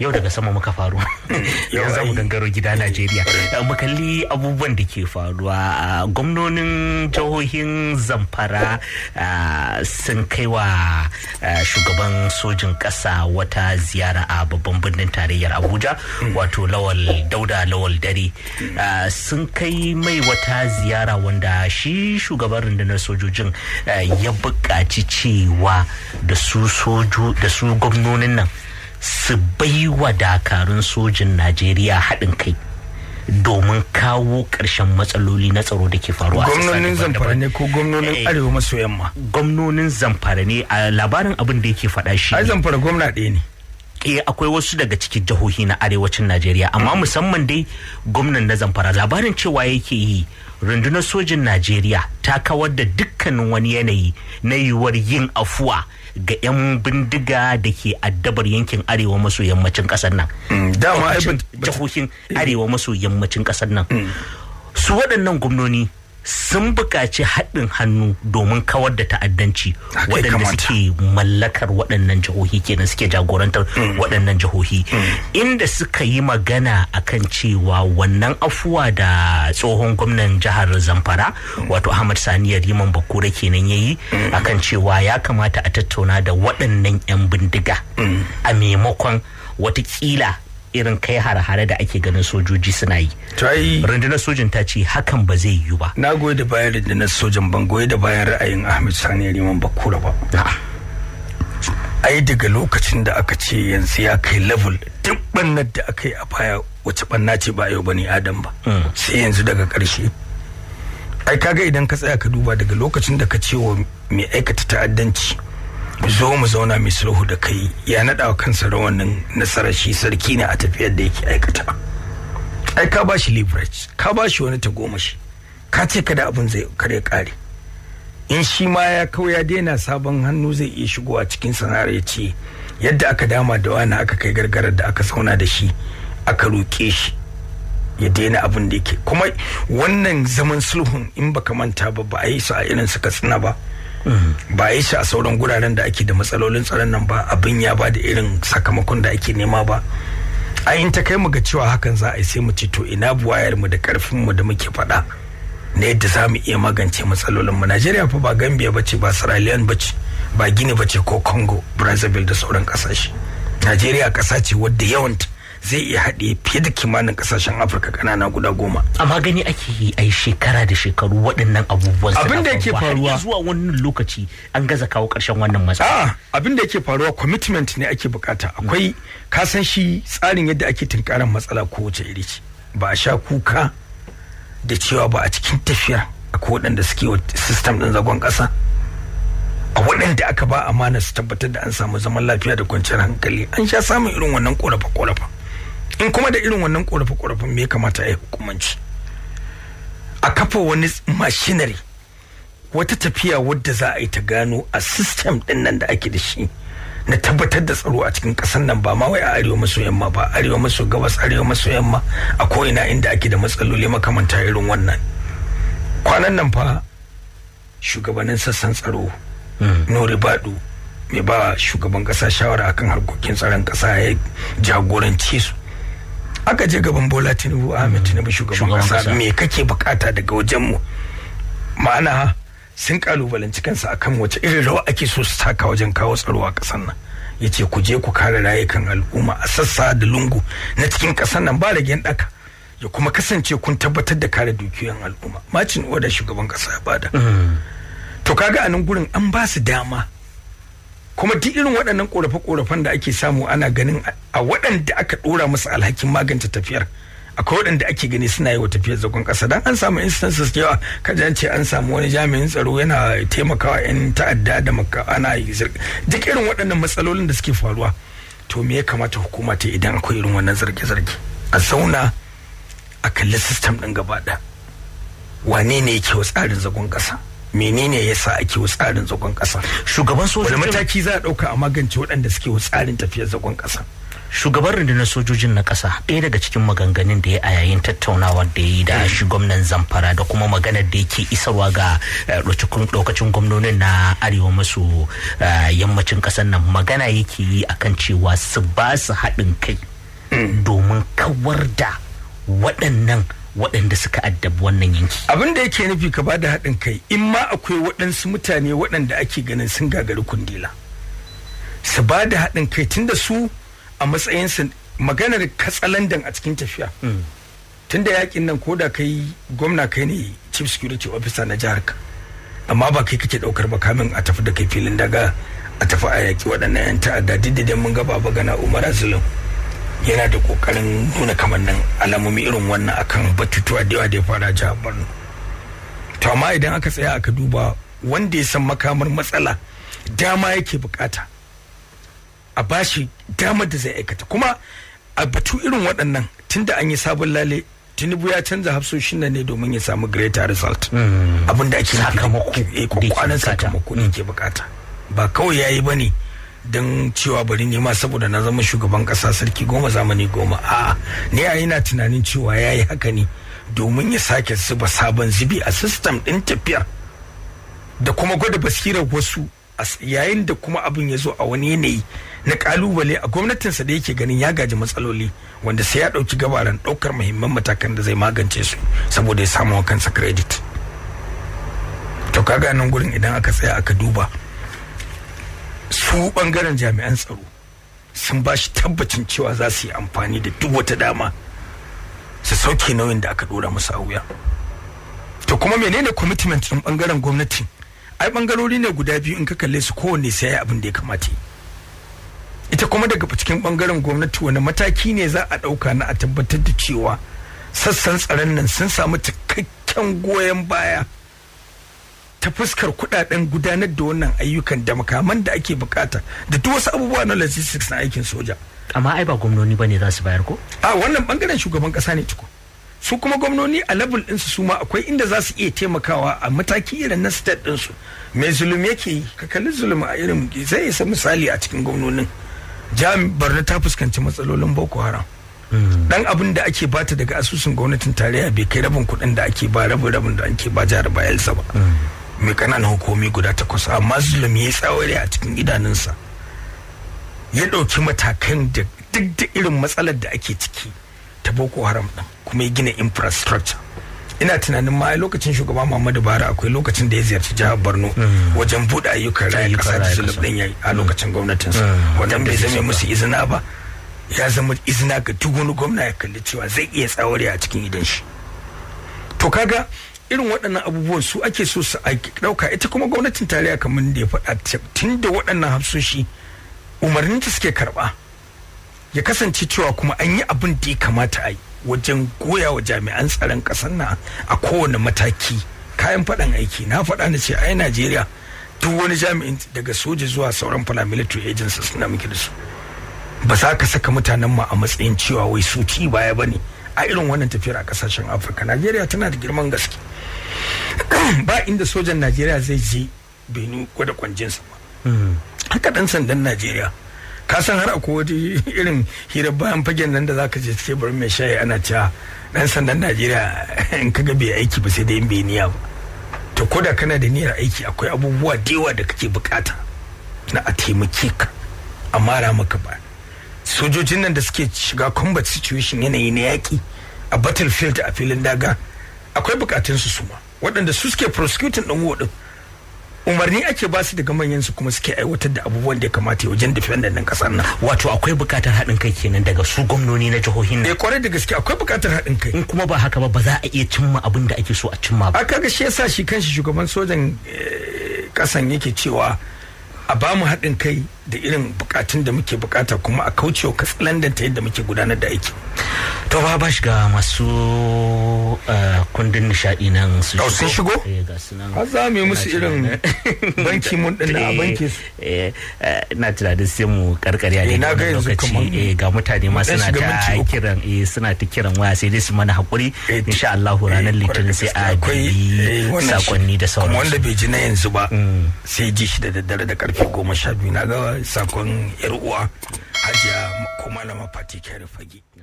yau daga sama muka faru yau za mu gangaro gida najeriya mu kalli abubuwan da ke faruwa gwamnonin jihohin zamfara sun kai wa shugaban sojin ƙasa wata ziyara a babban birnin tarayyar abuja hmm. wato lawal dauda lawal dare sun kai mai wata ziyara wanda shi shugaban rundunar sojojin ya buƙaci cewa da su gwamnonin nan su bai wa dakarun sojin najeriya haɗin kai domin kawo ƙarshen matsaloli na tsaro da ke faruwa gwamnonin zamfara ne ko gwamnonin eh, arewa maso yamma gwamnonin zamfara ne a labarin abin da yake faɗa shi ai zamfara gwamna ɗaya ne eh akwai wasu daga cikin jihohi na arewacin Najeriya amma musamman dai gwamnan na Zamfara labarin cewa yake yi rundunar sojin Najeriya ta kawar da dukkanin wani yanayi na yiwuwar yin afuwa ga 'yan bindiga da ke addabar yankin arewa maso yammacin kasar nan. Mm, dama jihohin arewa maso yammacin kasar nan. Mm. Su waɗannan gwamnoni sun buƙaci haɗin hannu domin kawar da ta'addanci waɗanda suke mallakar waɗannan jihohi kenan suke jagorantar hmm. waɗannan jihohi hmm. inda suka yi magana akan cewa wannan afuwa da tsohon gwamnan jihar zamfara hmm. wato ahmad sani yariman bakura kenan ya yi akan cewa ya kamata a tattauna da waɗannan 'yan bindiga a maimakon watakila irin kai har da ake ganin sojoji suna yi. rundunar sojin ta ce hakan ba zai yiwu ba. na goyi da bayan rundunar sojan ban goyi da bayan ra'ayin ahmed sani liman bakura ba. ai daga lokacin da aka ce yanzu ya kai level duk bannar da aka yi a baya wace banna ce ba yau bane adam ba hmm. sai yanzu daga karshe ai kaga idan ka tsaya ka duba daga lokacin da ka ce wa mai aikata ta'addanci zo mu zauna mai sulhu da kai ya naɗa wa kansa rawanin nasarar shi sarki ne a tafiyar da yake aikata ai ka ba shi leverage ka ba shi wani tagomashi ka ce kada abin zai kare kare in shi ma ya kawai ya daina sabon hannu zai iya shigo a cikin sana'ar ya ce yadda aka dama da wani aka kai gargarar da aka zauna da shi aka roƙe shi ya daina abin da yake kuma wannan zaman sulhun in baka manta ba ba a yi su a irin su katsina ba ba a yi shi a sauran guraren da ake da matsalolin tsaron nan ba abin ya ba da irin sakamakon da ake nema ba a in ta kai mu ga cewa hakan za a yi sai mu ce to ina buwayar mu da karfin mu da muke faɗa na yadda za mu iya magance matsalolin mu Najeriya fa ba Gambia bace ba Sierra Leone bace ba Guinea bace ko Congo Brazzaville da sauran kasashe Najeriya kasa ce wadda yawanta zai iya haɗe fiye da kimanin kasashen afirka kanana guda goma amma gani ake yi a shekara da shekaru waɗannan abubuwan abin da yake faruwa zuwa wannan lokaci an gaza kawo ƙarshen wannan matsala ah, abin da yake faruwa commitment ne ake bukata akwai kasan shi tsarin yadda ake tunkarar matsala ko kowace iri ce ba a sha kuka da cewa ba a cikin tafiyar akwai waɗanda suke wa system ɗin zagon ƙasa a waɗanda aka ba amana su tabbatar da an samu zaman lafiya da kwanciyar hankali an sha samun irin wannan ƙorafa-ƙorafa in kuma da irin wannan ƙorafe korafen me kamata ya hukumanci a kafa wani mashinari wata tafiya wadda za a yi ta gano a system din nan da ake da shi na tabbatar da tsaro a cikin ƙasar nan ba ma wai a arewa maso yamma ba arewa maso gabas arewa maso yamma a ko'ina inda ake da matsaloli makamanta irin wannan kwanan nan fa shugabannin sassan tsaro hmm. nori badu mai ba shugaban ƙasa shawara akan harkokin tsaron ƙasa ya jagoranci su aka je gaban bola tinubu ahmed tinubu mm. shugaban kasa me kake bukata daga wajen mu ma'ana sun kalubalanci kansa akan wace irin rawa ake so su taka wajen kawo tsaro a kasar nan ya ce ku je ku kare rayukan al'umma a sassa da lungu na cikin kasar nan ba da ragen daka ya kuma kasance kun tabbatar da kare dukiyoyin al'umma macin uwa da shugaban kasa ya bada mm. to kaga a nan gurin an ba su dama kuma duk irin waɗannan korafe-korafen da ake samu ana ganin a waɗanda aka ɗora masa alhakin magance tafiyar akwai waɗanda ake gani suna yi wa tafiyar zagon ƙasa dan an samu instances da yawa kaji an ce an samu wani jami'in tsaro yana taimakawa 'yan ta'adda da ana yi duk irin waɗannan matsalolin da suke faruwa to me ya kamata hukuma ta idan akwai irin wannan zarge-zarge a zauna a kalli system ɗin gaba ɗaya wane ne yake wa tsarin zagon ƙasa menene ya sa ake tsarin zagon kasa shugaban sojojin da mataki za a dauka a magance waɗanda suke tsarin tafiyar zagon kasa shugaban rundunar sojojin na kasa ɗaya daga cikin maganganun da ya a yayin tattaunawar da ya yi da shi gwamnan zamfara da kuma maganar da yake isarwa ga eh, lokacin gwamnonin na arewa maso eh, yammacin ƙasar nan magana yake yi akan cewa su ba su haɗin kai hmm. domin kawar da waɗannan waɗanda suka addabi wannan yanki abin da yake nufi ka bada haɗin kai in ma akwai waɗansu mutane waɗanda ake ganin sun gagari kundila su ba da haɗin kai tunda su a matsayinsu maganar katsalandan a cikin tafiya hmm. tunda yakin nan koda kai gwamna kai ne chief security officer na jihar ka amma ba kai kake ɗaukar ba kamin a tafi da kai filin daga a tafi a yaki waɗannan yan ta'adda duk da mun gaba ba gana umar azulun yana da kokarin nuna kamannin alamomi irin wannan akan batutuwa da yawa da ya fara jihar borno to amma idan aka tsaya aka duba wanda ya san makamar matsala dama yake bukata a bashi damar da zai aikata kuma a batu irin waɗannan tunda an yi sabon lale tinubu ya canza hafsoshin nan ne domin ya samu greater result hmm. abinda ake sakamako eh, kwanan sakamako ne ke bukata ba kawai yayi bane don cewa bari nema saboda na zama shugaban kasa sarki goma zamani goma a ne a yana tunanin cewa ya yi haka ne domin ya sake zuba sabon zubi a sistem din tafiyar da kuma gwada basirar wasu yayin da kuma abin ya zo a wani yanayi na kalubale a gwamnatinsa da yake ganin ya gaji matsaloli wanda sai ya ɗauki gabaran ɗaukar muhimman matakan da zai magance su saboda ya samu kansa credit to kaga nan gurin idan aka tsaya aka duba su bangaren jami'an tsaro sun ba shi tabbacin cewa za su yi amfani da duk wata dama su sauke nauyin da aka dora musu a wuya to kuma menene commitment din bangaren gwamnati ai bangarori ne guda biyu in ka kalle su kowanne sai ya abin da ya kamata ita kuma daga cikin bangaren gwamnati wani mataki ne za a ɗauka na a tabbatar da cewa sassan tsaron nan sun samu cikakken goyon baya ta fuskar kudaden gudanar da wannan ayyukan da makaman da ake bukata da duk wasu abubuwa na logistics na aikin soja amma ai ba gwamnoni bane za su bayar ko a wannan bangaren shugaban kasa ne tuku su kuma gwamnoni a level ɗinsu su ma akwai inda za su iya taimakawa a mataki irin na state ɗinsu mai zulum yake yi ka kalli zulum a irin zai isa misali a cikin gwamnonin jami barna ta fuskanci matsalolin boko haram hmm. dan abin da ake bata daga asusun gwamnatin tarayya bai kai rabin kuɗin da ake ba rabin rabin da ake ba jihar bayelsa ba hmm. mai kananan hukumi guda takwas amma zulum ya yi tsawari a cikin idanunsa ya ɗauki matakan da duk da irin matsalar da ake ciki ta boko haram ɗin kuma ya gina infrastructure ina tunanin ma lokacin shugaba Muhammadu Buhari akwai lokacin da ya ziyarci jihar Borno mm. wajen buɗe ayyukan raya kasa da zulum ɗin yayi a mm. lokacin gwamnatinsa mm. wannan bai zame musu izina ba ya zama izina ga duk wani gwamna ya kalli cewa zai iya tsawari a cikin idan shi to kaga irin waɗannan abubuwan su ake so su ɗauka ita kuma gwamnatin tarayya kamar da ya faɗa tun da waɗannan hafsoshi umarnin ta suke karɓa ya kasance cewa kuma an yi abin da ya kamata a yi wajen goya wa jami'an tsaron ƙasar na a kowane mataki kayan faɗan aiki na faɗa na ce ai najeriya duk wani jami'in daga soja zuwa sauran paramilitary agencies suna muke da su ba za ka saka mutanen mu a matsayin cewa wai su ci baya ba ne. a irin wannan tafiyar a kasashen afirka najeriya tana da girman gaske ba inda sojan najeriya zai je benin nu kwanjin kwanjinsa ba hmm. haka dan sandan najeriya ka san har akwai wani irin hira bayan fagen nan da zaka je teburin mai shayi ana cewa dan sandan najeriya in ka ga bai aiki ba sai dai in bai niyya ba to koda kana da niyyar aiki akwai abubuwa da da kake bukata na a taimake ka a mara maka ba sojojin nan da suke shiga combat situation yanayi na yaki a battlefield a filin daga akwai bukatun su suma waɗanda su suke prosecuting ɗin wodin umarni ake ba su daga manyan su kuma suke aiwatar da abubuwan da ya kamata wajen defendant ɗin ƙasar nan wato akwai buƙatar haɗin kai kenan daga su gwamnoni na jihohin nan eh kwarai da gaske akwai buƙatar haɗin kai in kuma ba haka ba ba za a iya cimma abin da ake so a cimma ba aka ga shi yasa shi kanshi shugaban sojan eh, ƙasan yake cewa a ba mu haɗin kai da irin bukatun da muke bukata kuma a kaucewa katsalandanta ta yadda muke gudanar da aiki to ba bash ga masu eh, kundin nishadi nan su sun shigo eh, har za mu yi musu irin banki mun din a banki Na eh, ina tunanin sai mu karkariya ne daidai lokaci ga mutane ma suna ta kiran suna ta kiran waya sai dai su mana hakuri insha Allah ranar litinin sai a bi sakonni da sauransu wanda bai ji na yanzu ba mm. sai ji shi da daddare da karfe goma sha biyu na ga sakon yar uwa hajiya ko na mafati kyari fage